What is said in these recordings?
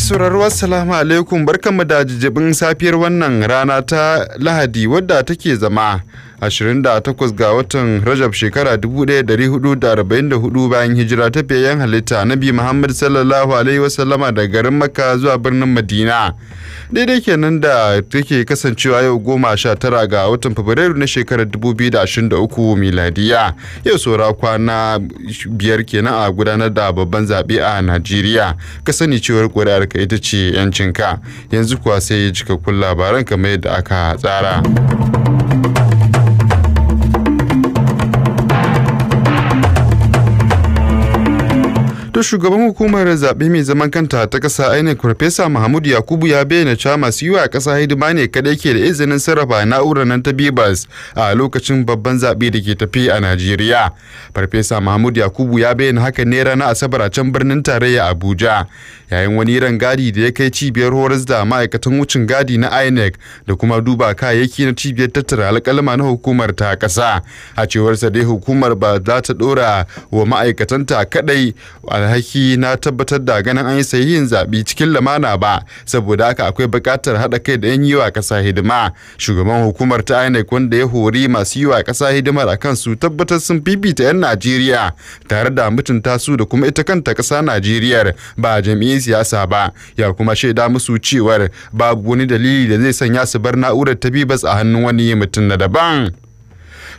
sauraro assalamu alaikum barkanmu da jijjibin safiyar wannan rana ta lahadi wadda take zama 28 ga watan Rajab shekara 1444 bayan hijira ta fiyayyen halitta Nabi Muhammad sallallahu alaihi wasallama da garin Makka zuwa birnin Madina. Daidai kenan da take kasancewa yau goma sha tara ga watan Fabrairu na shekarar 2023 miladiya. Yau saura kwana biyar kenan a gudanar da babban zaɓe a Najeriya. Ka sani cewar ƙuri'ar ka ita ce 'yancinka. Yanzu kuwa sai cikakkun labaran kamar yadda aka tsara. To shugaban hukumar zaɓe mai zaman kanta ta ƙasa ainihin Farfesa Mahmud Yakubu ya bayyana cewa masu yiwa ƙasa hidima ne kaɗai ke da izinin sarrafa na'urar nan ta Bibas a lokacin babban zaɓe da ke tafi a Najeriya. Farfesa Mahmud Yakubu ya bayyana haka ne ranar Asabar a can birnin tarayya Abuja yayin wani ran gadi da ya kai cibiyar horas da ma'aikatan wucin gadi na INEC da kuma duba kayayyaki na cibiyar tattara alƙalama na hukumar ta ƙasa. A cewarsa dai hukumar ba za ta ɗora wa ma'aikatanta kaɗai alhaki na tabbatar da ganin an yi sahihin zaɓi cikin lamana ba saboda haka akwai buƙatar haɗa kai da 'yan yi wa ƙasa hidima shugaban hukumar ta inec wanda ya hori masu yi wa ƙasa hidimar a kansu tabbatar sun fifita 'yan najeriya tare da mutunta su da kuma ita kanta ƙasa najeriya ba jam'iyyar siyasa ba ya kuma shaida musu cewar babu wani dalili da zai sanya su bar na'urar ta bibas a hannun wani mutum na daban.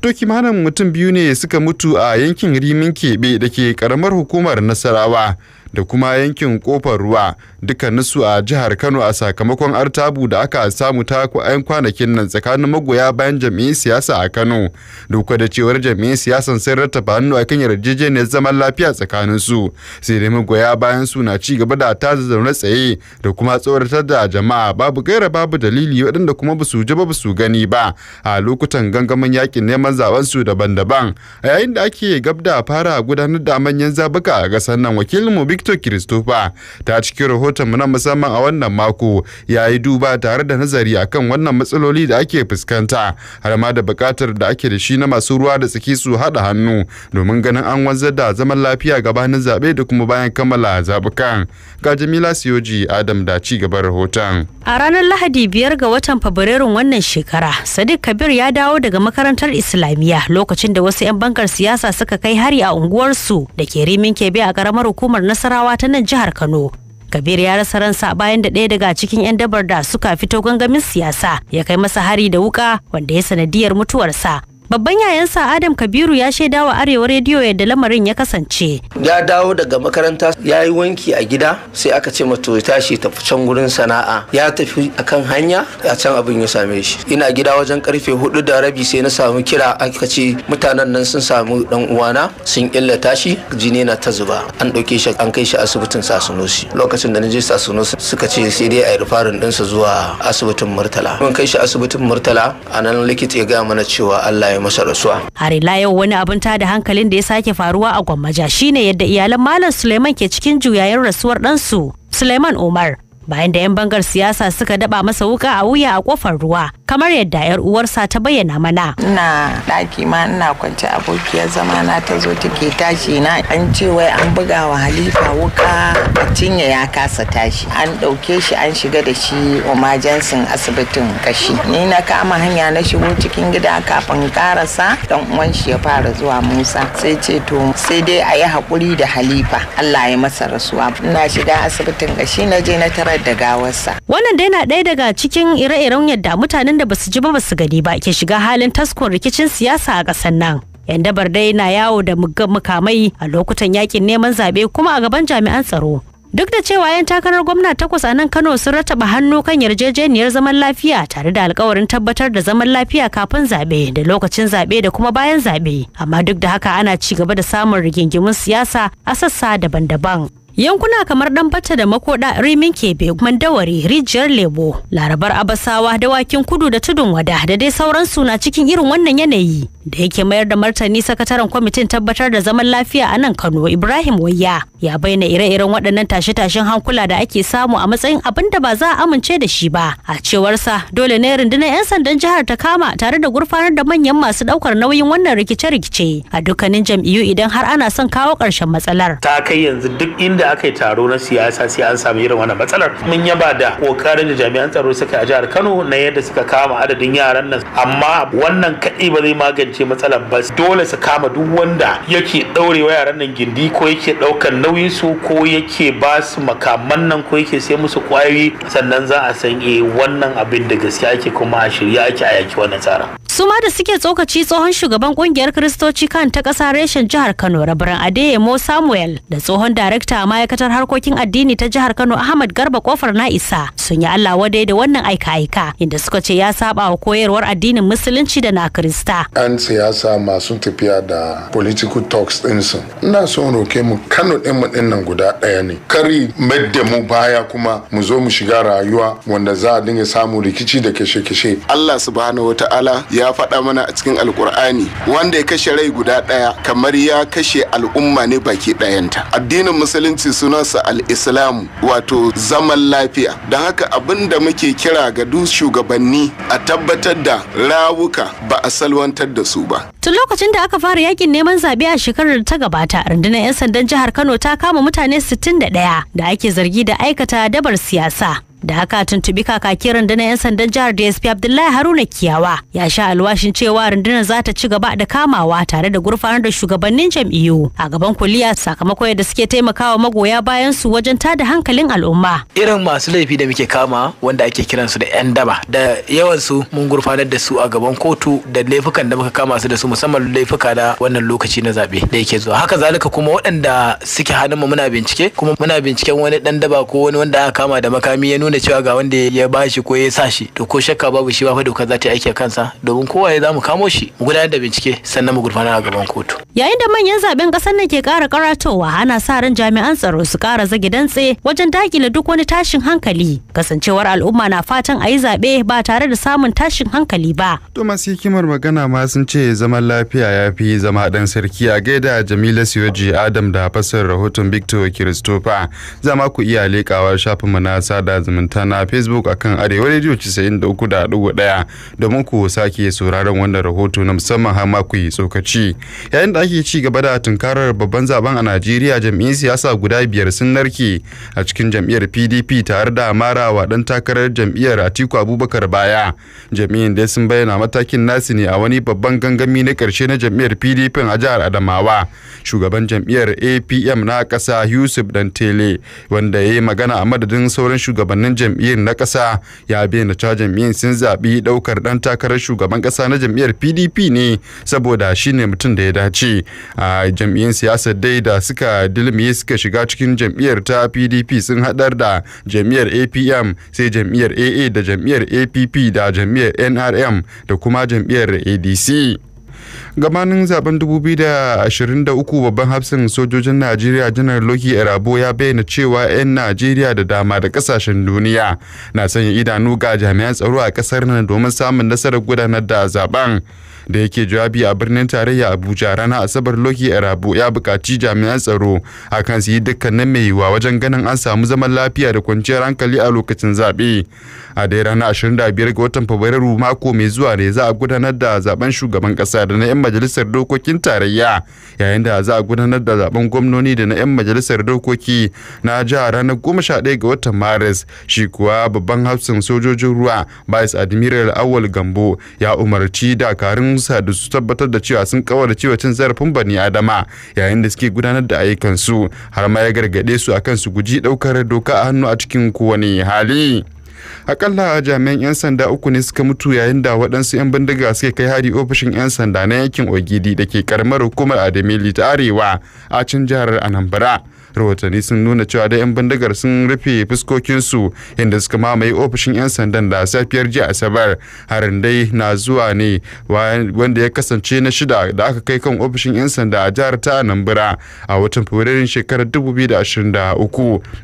to kimanin mutum biyu ne suka mutu a yankin rimin keɓe da ke karamar hukumar nasarawa da kuma yankin kofar ruwa dukkaninsu a jihar kano a sakamakon artabu da aka samu ta yan kwanakin nan tsakanin magoya bayan jami'in siyasa a kano duk da cewar jami'in siyasan sun rattaba hannu a kan yarjejeniyar zaman lafiya tsakanin su sai dai magoya bayan su na ci gaba da ta zaune tsaye da kuma tsoratar da jama'a babu gaira babu dalili waɗanda kuma basu ji ba su gani ba a lokutan gangamin yakin neman zaben su daban-daban a yayin da ake gabda da fara gudanar da manyan zabuka a ƙasar nan wakilin mu Victor Christopher ta cikin rahoton na musamman a wannan mako ya yi duba tare da nazari akan wannan matsaloli da ake fuskanta har ma da bukatar da ake da shi na masu ruwa da tsaki su haɗa hannu domin ganin an wanzar da zaman lafiya gabanin zaɓe da kuma bayan kammala zaɓukan. Ga Jamila Siyoji Adam da ci gaban rahoton. A ranar Lahadi biyar ga watan Fabrairun wannan shekara, Sadiq Kabir ya dawo daga makarantar Islamiyya lokacin da wasu 'yan bankar siyasa suka kai hari a unguwarsu da ke rimin kebe a ƙaramar hukumar nasara nasarawa ta nan jihar kano kabir ya rasa ransa bayan da ɗaya daga cikin 'yan dabar da suka fito gangamin siyasa ya kai masa hari da wuka wanda ya sanadiyar mutuwarsa Babban yayan sa Adam Kabiru ya shaida wa Arewa Rediyo yadda lamarin ya kasance. Ya dawo daga makaranta ya yi wanki a gida sai aka ce mato ya tashi tafi can gurin sana'a. Ya tafi akan hanya a can abin ya same shi. Ina gida wajen karfe hudu da rabi sai na samu kira aka ce mutanen nan sun samu dan uwana sun illata shi jini na ta zuba. An ɗauke shi an kai shi asibitin Sasunosi. Lokacin da na je Sasunosi suka ce sai dai a yi rufarin ɗinsa zuwa asibitin Murtala. Mun kai shi asibitin Murtala a nan likita ya gaya mana cewa Allah ya yi masa rasuwa. harila yau wani abin tada hankalin da ya sake faruwa a Gwammaja shine yadda iyalan Malam Suleiman ke cikin juyayen rasuwar ɗansu Suleiman Umar bayan da 'yan bangar siyasa suka daba masa wuka a wuya a kofar ruwa kamar yadda 'yar uwarsa ta bayyana mana. Ina ɗaki ma ina kwance abokiyar zama na ta zo take tashi na an ce wai an buga wa Halifa wuka a cinye ya kasa tashi an ɗauke shi an shiga da shi umajensin asibitin kashi. Ni na kama hanya na shigo cikin gida kafin karasa dan uwan shi ya fara zuwa Musa sai ce to sai dai a yi haƙuri da Halifa Allah ya masa rasuwa. Ina shiga asibitin kashi na je na tara da gawarsa. Wannan dai na ɗaya daga cikin ire-iren yadda mutanen da basu ji ba basu gani ba ke shiga halin taskon rikicin siyasa a ƙasar nan. yan dabar dai na yawo da mukamai a lokutan yakin neman zaɓe kuma a gaban jami'an tsaro. Duk da cewa 'yan takarar gwamna takwas a nan Kano sun rataba hannu kan yarjejeniyar zaman lafiya tare da alkawarin tabbatar da zaman lafiya kafin zaɓe da lokacin zaɓe da kuma bayan zaɓe. Amma duk da haka ana ci gaba da samun rigingimun siyasa a sassa daban-daban. Yankuna kamar dan bata da makoda rimin kebe, mandawari, rijiyar lebo, larabar abasawa, dawakin kudu da tudun wada da dai sauransu na cikin irin wannan yanayi. da yake mayar da martani sakataren kwamitin tabbatar da zaman lafiya a nan kano ibrahim wayya ya bayyana ire-iren waɗannan tashe-tashen hankula da ake samu a matsayin abin da ba za a amince da shi ba a cewarsa dole ne rundunar 'yan sandan jihar ta kama tare da gurfanar da manyan masu ɗaukar nauyin wannan rikice-rikice a dukkanin jam'iyyu idan har ana son kawo ƙarshen matsalar ta kai yanzu duk inda aka yi taro na siyasa sai an samu irin wannan matsalar mun yaba da kokarin da jami'an tsaro suka a jihar kano na yadda suka kama adadin yaran nan amma wannan kaɗai ba zai magance ce matsalar ba dole su kama duk wanda yake ɗaurewa yaran nan gindi ko yake ɗaukar nauyin su ko yake ba su makaman nan ko yake sai musu kwayoyi sannan za a san eh wannan abin da gaskiya ake kuma a shirya ake a yaki wannan tsara. su ma da suke tsokaci tsohon shugaban kungiyar kristoci kan ta kasa reshen jihar kano rabaran adeyemo samuel da tsohon darakta a ma'aikatar harkokin addini ta jihar kano ahmad garba kofar na isa sun yi allah wadai da wannan aika-aika inda suka ce ya saba wa koyarwar addinin musulunci da na krista. siyasa masu tafiya da political talks ɗinsu ina son roke mu kano ɗin mu ɗin nan guda ɗaya ne kari madda mu baya kuma mu zo mu shiga rayuwa wanda za a dinga samu rikici da kashe-kashe Allah subhanahu wataala ya faɗa mana a cikin alkur'ani wanda ya kashe rai guda ɗaya kamar ya kashe al'umma ne baki ɗayanta addinin musulunci sunansa al-islamu wato zaman lafiya don haka abin da muke kira ga duk shugabanni a tabbatar da rawuka ba a salwantar da su ba. Tun lokacin da aka fara yakin neman zaɓe a shekarar ta gabata, rundunar 'yan sandan jihar Kano ta kama mutane 61 da ake zargi da aikata dabar siyasa. da haka tuntubi kakakin rundunar 'yan sandan jihar dsp abdullahi haruna kiyawa ya sha alwashin cewa rundunar za ta ci gaba da kamawa tare da gurfanar da shugabannin jam'iyyu a gaban kuliya sakamakon yadda suke taimakawa magoya bayan su wajen tada hankalin al'umma irin masu laifi da muke kama wanda ake kiransu da 'yan daba da yawan su mun gurfanar da su a gaban kotu da laifukan da muka kama su da su musamman laifuka na wannan lokaci na zabe da yake zuwa haka zalika kuma waɗanda suke hannunmu muna bincike kuma muna binciken wani dan daba ko wani wanda aka kama da makami ya nuna nuna cewa ga wanda ya ba shi ko ya sa shi to ko shakka babu shi ba fa doka za ta aiki a kansa domin kowa ya zamu kamo shi mu gudanar da bincike sannan mu gurfana a gaban kotu yayin da manyan zaben kasar nan ke kara karatowa ana sa ran jami'an tsaro su kara dan dantse wajen dakile duk wani tashin hankali kasancewar al'umma na fatan a yi zaɓe ba tare da samun tashin hankali ba to masu hikimar magana ma sun ce zaman lafiya ya fi zama dan sarki a gaida jamila siyoji adam da fasar rahoton victor christopher zama ku iya leƙawar shafinmu na sada zama zumunta na facebook akan arewa radio 93.1 domin ku sake sauraron wannan rahoto na musamman har ma ku yi tsokaci yayin da ake ci gaba da tunkarar babban zaben a najeriya jam'iyyar siyasa guda biyar sun narke a cikin jam'iyyar pdp tare da mara wa dan takarar jam'iyyar atiku abubakar baya jam'iyyar da sun bayyana matakin nasu ne a wani babban gangami na karshe na jam'iyyar pdp a jihar adamawa shugaban jam'iyyar apm na ƙasa yusuf dantele wanda ya yi magana a madadin sauran shugabannin shugabannin jam'iyyar na ƙasa ya bayyana cewa jam'iyyar sun zaɓi ɗaukar ɗan takarar shugaban ƙasa na jam'iyyar pdp ne saboda shi ne mutum da ya dace a jam'iyyar siyasa dai da suka dilmiye suka shiga cikin jam'iyyar ta pdp sun haɗar da jam'iyyar apm sai jam'iyyar aa da jam'iyyar app da jam'iyyar nrm da kuma jam'iyyar adc gabanin zaben 2023 babban hafsin sojojin najeriya janar loki erabo ya bayyana cewa 'yan najeriya da dama da kasashen duniya na sanya idanu ga jami'an tsaro a kasar nan domin samun nasarar gudanar da zaben da yake jawabi a birnin tarayya abuja ranar asabar loki arabu ya bukaci jami'an tsaro akan su yi dukkanin mai yiwuwa wajen ganin an samu zaman lafiya da kwanciyar hankali a lokacin zaɓe a dai ranar 25 ga watan fabrairu mako mai zuwa ne za a gudanar da zaben shugaban kasa da na 'yan majalisar dokokin tarayya yayin da za a gudanar da zaben gwamnoni da na 'yan majalisar dokoki na jihar ranar 11 ga watan maris shi kuwa babban hafsin sojojin ruwa bais admiral awal gambo ya umarci dakarun musa da su tabbatar da cewa sun kawar cewa cin zarafin bani adama yayin da suke gudanar da ayyukansu har ma ya gargade su akan su guji ɗaukar doka a hannu a cikin kowane hali. akalla jami'an 'yan sanda uku ne suka mutu yayin da waɗansu 'yan bindiga suka kai hari ofishin 'yan sanda na yankin ogidi da ke karamar hukumar adamili ta arewa a cin jihar anambra rahotanni sun nuna cewa da 'yan bindigar sun rufe fuskokinsu inda suka mamaye ofishin 'yan sandan da safiyar jiya asabar harin dai na zuwa ne wanda ya kasance na shida da aka kai kan ofishin 'yan sanda a jihar ta anambra a watan fabrairun shekarar 2023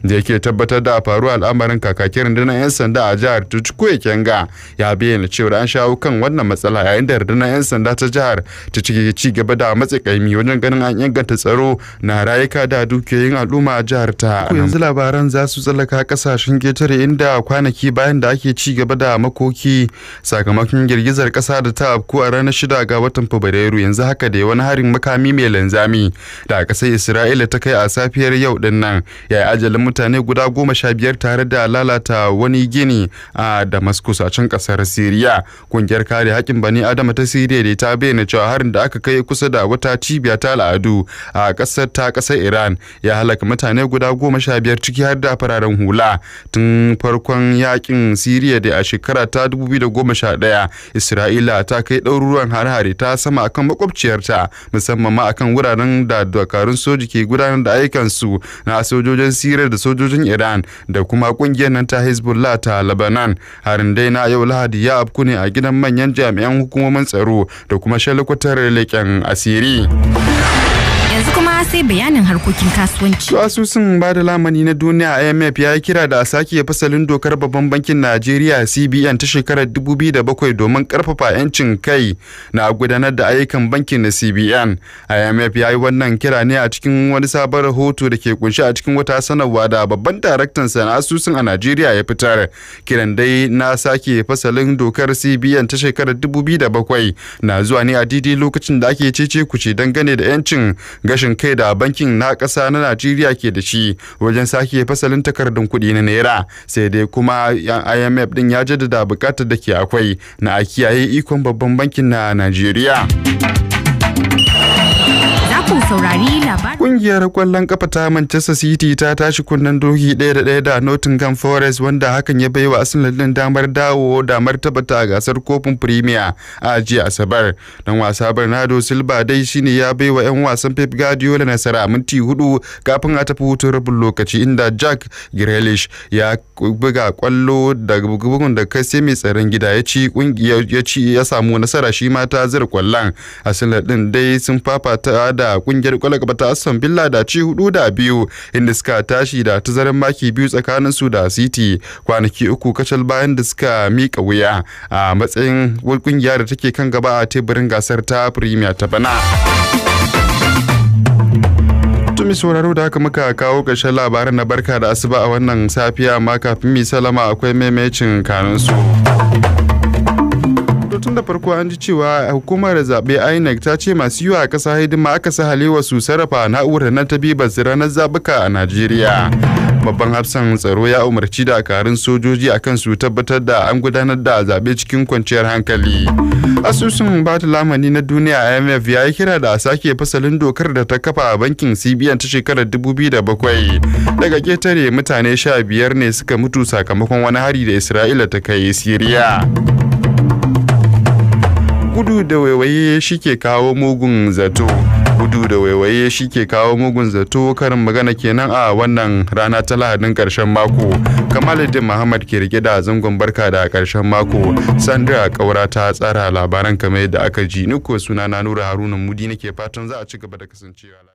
da yake tabbatar da faruwar al'amarin kakakin rundunar 'yan sanda a jihar tuchukwe kenga ya bayyana cewa an shawo kan wannan matsala yayin da rundunar 'yan sanda ta jihar ta ci gaba da kaimi wajen ganin an inganta tsaro na rayuka da dukiyoyin al'umma a jihar ta yanzu labaran za su tsallaka kasashen ketare inda kwanaki bayan da ake ci gaba da makoki sakamakon girgizar kasa da ta afku a ranar shida ga watan fabrairu yanzu haka da wani harin makami mai linzami da kasar isra'ila ta kai a safiyar yau din nan ya yi ajalin mutane guda goma sha biyar tare da lalata wani gini a damascus a can kasar siriya ƙungiyar kare haƙƙin bani adama ta siriya da ta bayyana cewa harin da aka kai kusa da wata cibiya ta al'adu a kasar ta kasar iran ya halaka mutane guda goma sha biyar ciki har da fararen hula tun farkon yakin siriya da a shekara ta 2011 isra'ila ta kai ɗaruruwan hare-hare ta sama akan makwabciyarta musamman ma akan wuraren da dakarun soji ke gudanar da ayyukansu na sojojin siriya da sojojin iran da kuma kungiyar nan ta hezbollah ta labanan harin dai na yau lahadi ya afku ne a gidan manyan jami'an hukumomin tsaro da kuma shalikwatar leƙen asiri. sai bayanin harkokin kasuwanci. To asusun ba da lamani na duniya IMF ya yi kira da a sake fasalin dokar babban bankin Najeriya CBN ta shekarar 2007 domin karfafa 'yancin kai na gudanar da ayyukan bankin na CBN. IMF ya yi wannan kira ne a cikin wani sabon rahoto da ke kunshi a cikin wata sanarwa da babban daraktan sa na asusun a Najeriya ya fitar. Kiran dai na sake fasalin dokar CBN ta shekarar 2007 na zuwa ne a didi lokacin da ake cece kuce dangane da 'yancin gashin kai da bankin na ƙasa na Najeriya ke da shi wajen sake fasalin takardun kuɗi na naira sai dai kuma IMF din ya jaddada buƙatar da ke akwai na a kiyaye ikon babban bankin na Najeriya. Kungiyar kwallon kafa ta Manchester City ta tashi kunnen doki ɗaya da ɗaya da Nottingham Forest wanda hakan ya baiwa Arsenal din damar dawo da martaba a gasar kofin Premier a jiya Asabar. Dan wasa Bernardo Silva dai shine ya baiwa 'yan wasan Pep Guardiola nasara minti hudu kafin a tafi hutun rabin lokaci inda Jack Grealish ya buga kwallo da bugun da kai sai mai tsaron gida ya ci ya ci ya samu nasara shi ma ta zira kwallon. Arsenal din dai sun fafata da kungiyar kwallon kafa ta aston villa da ci hudu da biyu inda suka tashi da tazarin maki biyu tsakanin su da city kwanaki uku kacal bayan da suka mika wuya a matsayin kungiya da take kan gaba a teburin gasar ta premier ta bana. mai sauraro da haka muka kawo ƙarshen labaran na barka da asuba a wannan safiya amma kafin mai salama akwai maimacin kanunsu. tun da farko an ji cewa hukumar zaɓe INEC ta ce masu yiwa a ƙasa hidima aka halewa su sarrafa na'urar na ta bibas ranar zabuka a Najeriya. Babban hafsan tsaro ya umarci dakarun sojoji a kan su tabbatar da an gudanar da zaɓe cikin kwanciyar hankali. Asusun bata lamani na duniya IMF ya yi kira da a sake fasalin dokar da ta kafa a bankin CBN ta shekarar 2007. Daga ketare mutane sha biyar ne suka mutu sakamakon wani hari da Isra'ila ta kai Siriya. gudu da waiwaye shi ke kawo mugun zato gudu da waiwaye shi ke kawo mugun zato karin magana kenan a wannan rana ta lahadin karshen mako kamaluddin muhammad ke rike da zangon barka da karshen mako sandra kaura ta tsara labaran kamar yadda aka ji ni ko suna na nura haruna mudi nake fatan za a ci gaba da kasancewa